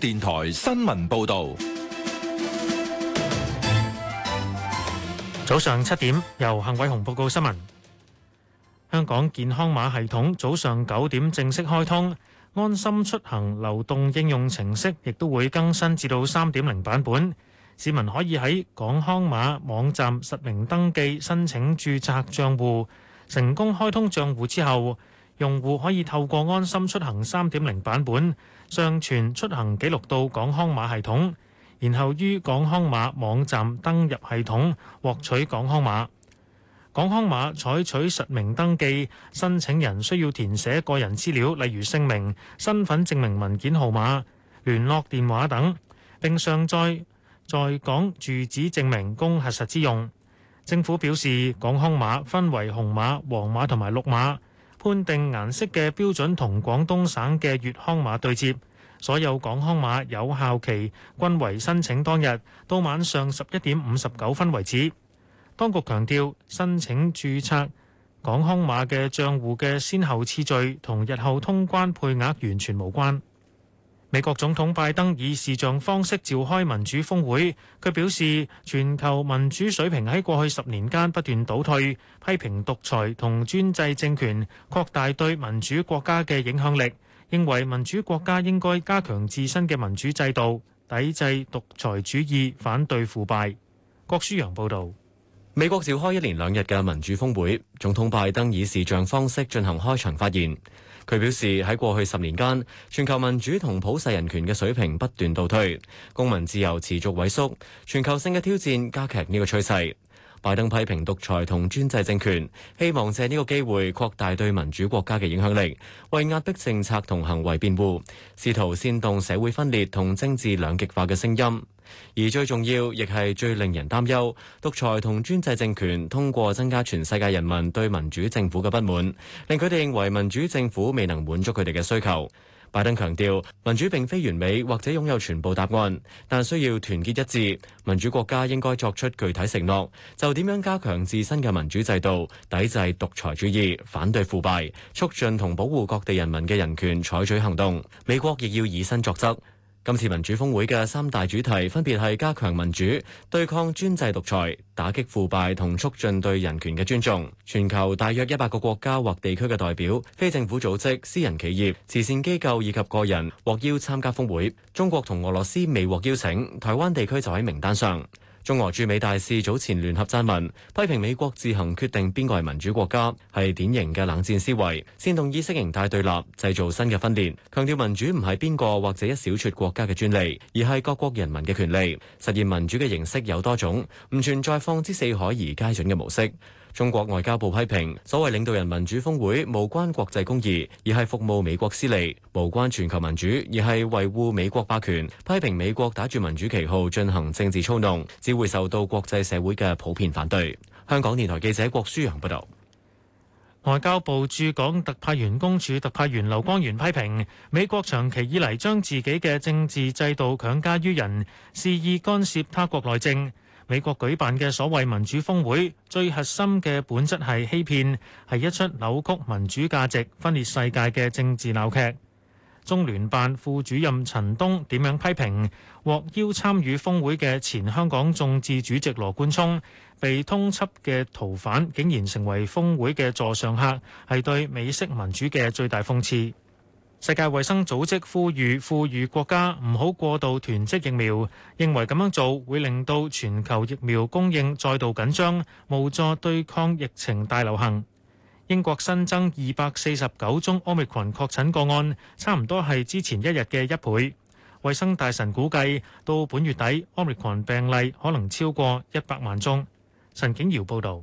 電台新聞報道，早上七點由幸偉雄報告新聞。香港健康碼系統早上九點正式開通，安心出行流動應用程式亦都會更新至到三點零版本。市民可以喺港康碼網站實名登記、申請注冊賬戶，成功開通賬戶之後。用戶可以透過安心出行3.0版本上傳出行記錄到港康碼系統，然後於港康碼網站登入系統，獲取港康碼。港康碼採取實名登記，申請人需要填寫個人資料，例如姓名、身份證明文件號碼、聯絡電話等，並上載在港住址證明供核實之用。政府表示，港康碼分為紅碼、黃碼同埋綠碼。判定顏色嘅標準同廣東省嘅粵康碼對接，所有港康碼有效期均為申請當日到晚上十一點五十九分為止。當局強調，申請注冊港康碼嘅賬戶嘅先後次序同日後通關配額完全無關。美國總統拜登以視像方式召開民主峰會，佢表示全球民主水平喺過去十年間不斷倒退，批評獨裁同專制政權擴大對民主國家嘅影響力，認為民主國家應該加強自身嘅民主制度，抵制獨裁主義，反對腐敗。郭書陽報道，美國召開一連兩日嘅民主峰會，總統拜登以視像方式進行開場發言。佢表示，喺過去十年間，全球民主同普世人權嘅水平不斷倒退，公民自由持續萎縮，全球性嘅挑戰加劇呢個趨勢。拜登批評獨裁同專制政權，希望借呢個機會擴大對民主國家嘅影響力，為壓迫政策同行為辯護，試圖煽動社會分裂同政治兩極化嘅聲音。而最重要，亦係最令人擔憂，獨裁同專制政權通過增加全世界人民對民主政府嘅不滿，令佢哋認為民主政府未能滿足佢哋嘅需求。拜登強調，民主並非完美或者擁有全部答案，但需要團結一致。民主國家應該作出具體承諾，就點樣加強自身嘅民主制度、抵制獨裁主義、反對腐敗、促進同保護各地人民嘅人權採取行動。美國亦要以身作則。今次民主峰會嘅三大主題分別係加強民主、對抗專制獨裁、打擊腐敗同促進對人權嘅尊重。全球大約一百個國家或地區嘅代表、非政府組織、私人企業、慈善機構以及個人獲邀參加峰會。中國同俄羅斯未獲邀請，台灣地區就喺名單上。中俄駐美大使早前聯合撰文，批評美國自行決定邊個係民主國家，係典型嘅冷戰思維，煽動意識形態對立，製造新嘅分裂。強調民主唔係邊個或者一小撮國家嘅專利，而係各國人民嘅權利。實現民主嘅形式有多種，唔存在放之四海而皆準嘅模式。中國外交部批評所謂領導人民主峰會無關國際公義，而係服務美國私利；無關全球民主，而係維護美國霸權。批評美國打住民主旗號進行政治操弄，只會受到國際社會嘅普遍反對。香港電台記者郭舒揚報道，外交部駐港特派員公署特派員劉光源批評美國長期以嚟將自己嘅政治制度強加於人，肆意干涉他國內政。美國舉辦嘅所謂民主峰會，最核心嘅本質係欺騙，係一出扭曲民主價值、分裂世界嘅政治鬧劇。中聯辦副主任陳東點樣批評，獲邀參與峰會嘅前香港眾志主席羅冠聰，被通緝嘅逃犯竟然成為峰會嘅座上客，係對美式民主嘅最大諷刺。世界衛生組織呼籲富裕國家唔好過度囤積疫苗，認為咁樣做會令到全球疫苗供應再度緊張，無助對抗疫情大流行。英國新增二百四十九宗 Omicron 確診個案，差唔多係之前一日嘅一倍。衛生大臣估計，到本月底 Omicron 病例可能超過一百萬宗。陳景姚報道。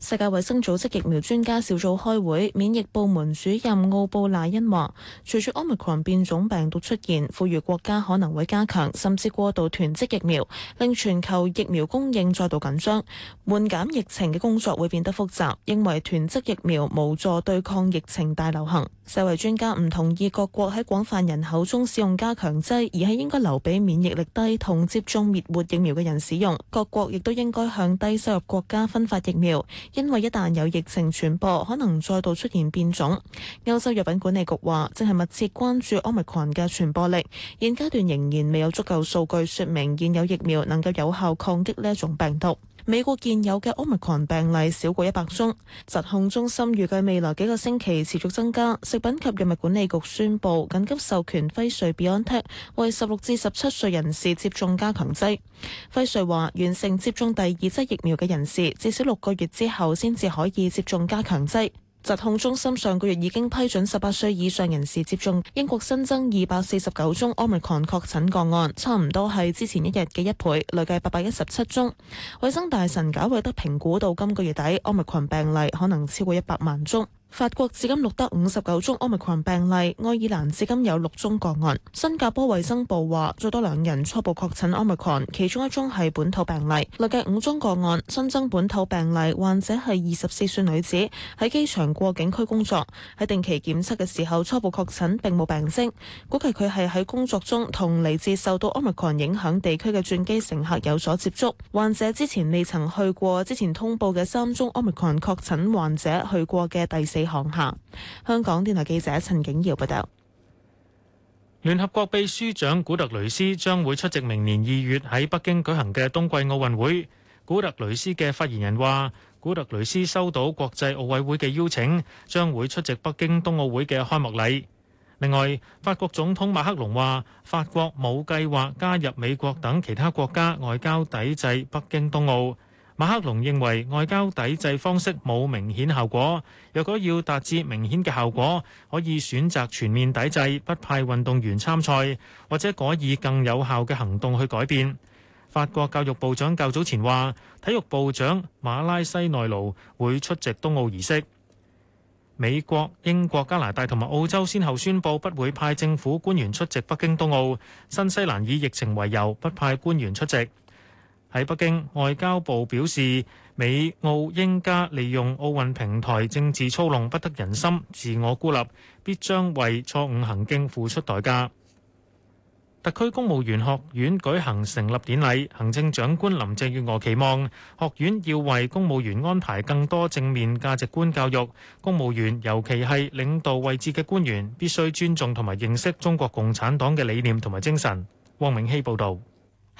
世界衛生組織疫苗專家小組開會，免疫部門主任奧布賴恩話：隨住 Omicron 變種病毒出現，富裕國家可能會加強甚至過度囤積疫苗，令全球疫苗供應再度緊張。緩減疫情嘅工作會變得複雜，認為囤積疫苗無助對抗疫情大流行。世衛專家唔同意各國喺廣泛人口中使用加強劑，而係應該留俾免疫力低同接種滅活疫苗嘅人使用。各國亦都應該向低收入國家分發疫苗。因為一旦有疫情傳播，可能再度出現變種。歐洲藥品管理局話，正係密切關注 Omicron 嘅傳播力。現階段仍然未有足夠數據說明現有疫苗能夠有效抗擊呢一種病毒。美國現有嘅 Omicron 病例少過一百宗。疾控中心預計未來幾個星期持續增加。食品及藥物管理局宣布緊急授權輝瑞 BioNTech 為十六至十七歲人士接種加強劑。輝瑞話，完成接種第二劑疫苗嘅人士至少六個月之後。後先至可以接種加強劑。疾控中心上個月已經批准十八歲以上人士接種。英國新增二百四十九宗奧密克戎確診個案，差唔多係之前一日嘅一倍，累計八百一十七宗。衞生大臣賈惠德評估到今個月底，奧密克戎病例可能超過一百萬宗。法國至今錄得五十九宗 Omicron 病例，愛爾蘭至今有六宗個案。新加坡衛生部話，最多兩人初步確診 Omicron，其中一宗係本土病例，累計五宗個案，新增本土病例患者係二十四歲女子，喺機場過境區工作，喺定期檢測嘅時候初步確診，並冇病徵，估計佢係喺工作中同嚟自受到 Omicron 影響地區嘅轉機乘客有所接觸。患者之前未曾去過之前通報嘅三宗 Omicron 確診患者去過嘅第四底下，香港電台記者陳景瑤報道。聯合國秘書長古特雷斯將會出席明年二月喺北京舉行嘅冬季奧運會。古特雷斯嘅發言人話，古特雷斯收到國際奧委會嘅邀請，將會出席北京冬奧會嘅開幕禮。另外，法國總統馬克龍話，法國冇計劃加入美國等其他國家外交抵制北京冬奧。馬克龍認為外交抵制方式冇明顯效果，若果要達至明顯嘅效果，可以選擇全面抵制，不派運動員參賽，或者改以更有效嘅行動去改變。法國教育部長較早前話，體育部長馬拉西內盧會出席冬奧儀式。美國、英國、加拿大同埋澳洲先後宣布不會派政府官員出席北京冬奧，新西蘭以疫情為由，不派官員出席。喺北京，外交部表示，美、澳、英、加利用奧運平台政治操弄，不得人心，自我孤立，必將為錯誤行徑付出代價。特區公務員學院舉行成立典禮，行政長官林鄭月娥期望學院要為公務員安排更多正面價值觀教育，公務員，尤其係領導位置嘅官員必須尊重同埋認識中國共產黨嘅理念同埋精神。汪明希報道。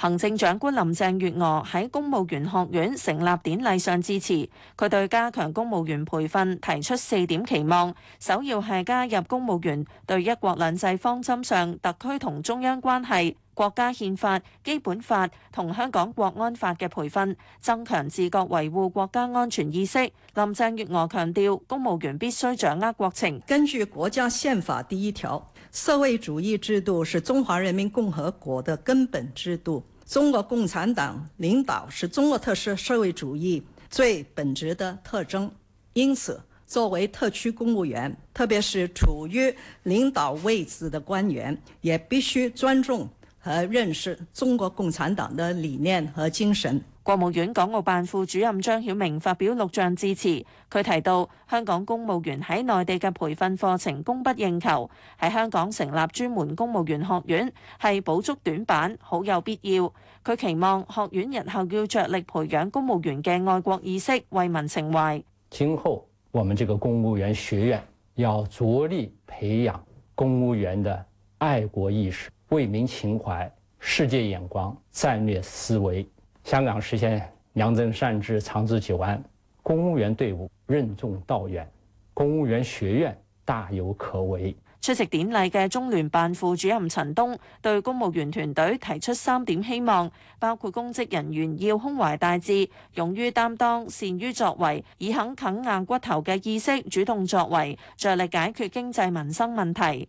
行政長官林鄭月娥喺公務員學院成立典禮上致辭，佢對加強公務員培訓提出四點期望，首要係加入公務員對一國兩制方針上特區同中央關係、國家憲法、基本法同香港國安法嘅培訓，增強自覺維護國家安全意識。林鄭月娥強調，公務員必須掌握國情。根據國家憲法第一條，社會主義制度是中華人民共和國的根本制度。中國共產黨領導是中國特色社會主義最本質的特徵。因此，作為特區公務員，特別是處於領導位置的官員，也必須尊重。和認識中國共產黨的理念和精神。國務院港澳辦副主任張曉明發表錄像致辭，佢提到香港公務員喺內地嘅培訓課程供不應求，喺香港成立專門公務員學院係補足短板，好有必要。佢期望學院日後要着力培養公務員嘅愛國意識、為民情懷。今後我們這個公務員學院要着力培養公務員的愛國意識。為民情懷、世界眼光、戰略思維，香港實現良政善治、長治久安，公務員隊伍任重道遠，公務員學院大有可為。出席典禮嘅中聯辦副主任陳東對公務員團隊提出三點希望，包括公職人員要胸懷大志、勇於擔當、善於作為，以肯啃硬骨頭嘅意識主動作為，着力解決經濟民生問題。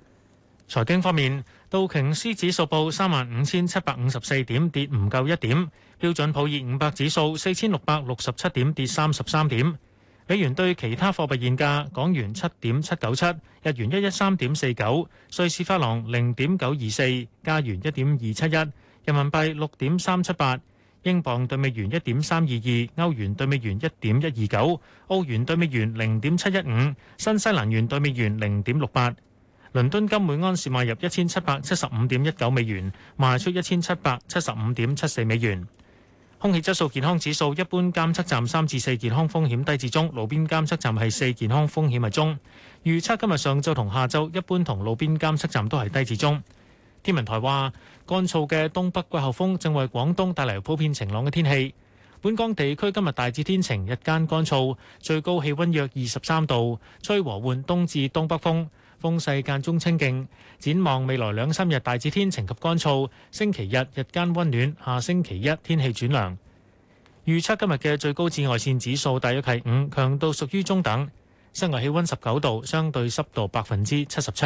財經方面，道瓊斯指數報三萬五千七百五十四點，跌唔夠一點；標準普爾五百指數四千六百六十七點，跌三十三點。美元對其他貨幣現價：港元七點七九七，日元一一三點四九，瑞士法郎零點九二四，加元一點二七一，人民幣六點三七八，英鎊對美元一點三二二，歐元對美元一點一二九，澳元對美元零點七一五，新西蘭元對美元零點六八。倫敦金每安士買入一千七百七十五點一九美元，賣出一千七百七十五點七四美元。空氣質素健康指數，一般監測站三至四健康風險低至中，路邊監測站係四健康風險係中。預測今日上晝同下晝一般同路邊監測站都係低至中。天文台話，乾燥嘅東北季候風正為廣東帶嚟普遍晴朗嘅天氣。本港地區今日大致天晴，日間乾燥，最高氣温約二十三度，吹和緩東至東北風。風勢間中清勁，展望未來兩三日大致天晴及乾燥。星期日日間溫暖，下星期一天氣轉涼。預測今日嘅最高紫外線指數大約係五，強度屬於中等。室外氣溫十九度，相對濕度百分之七十七。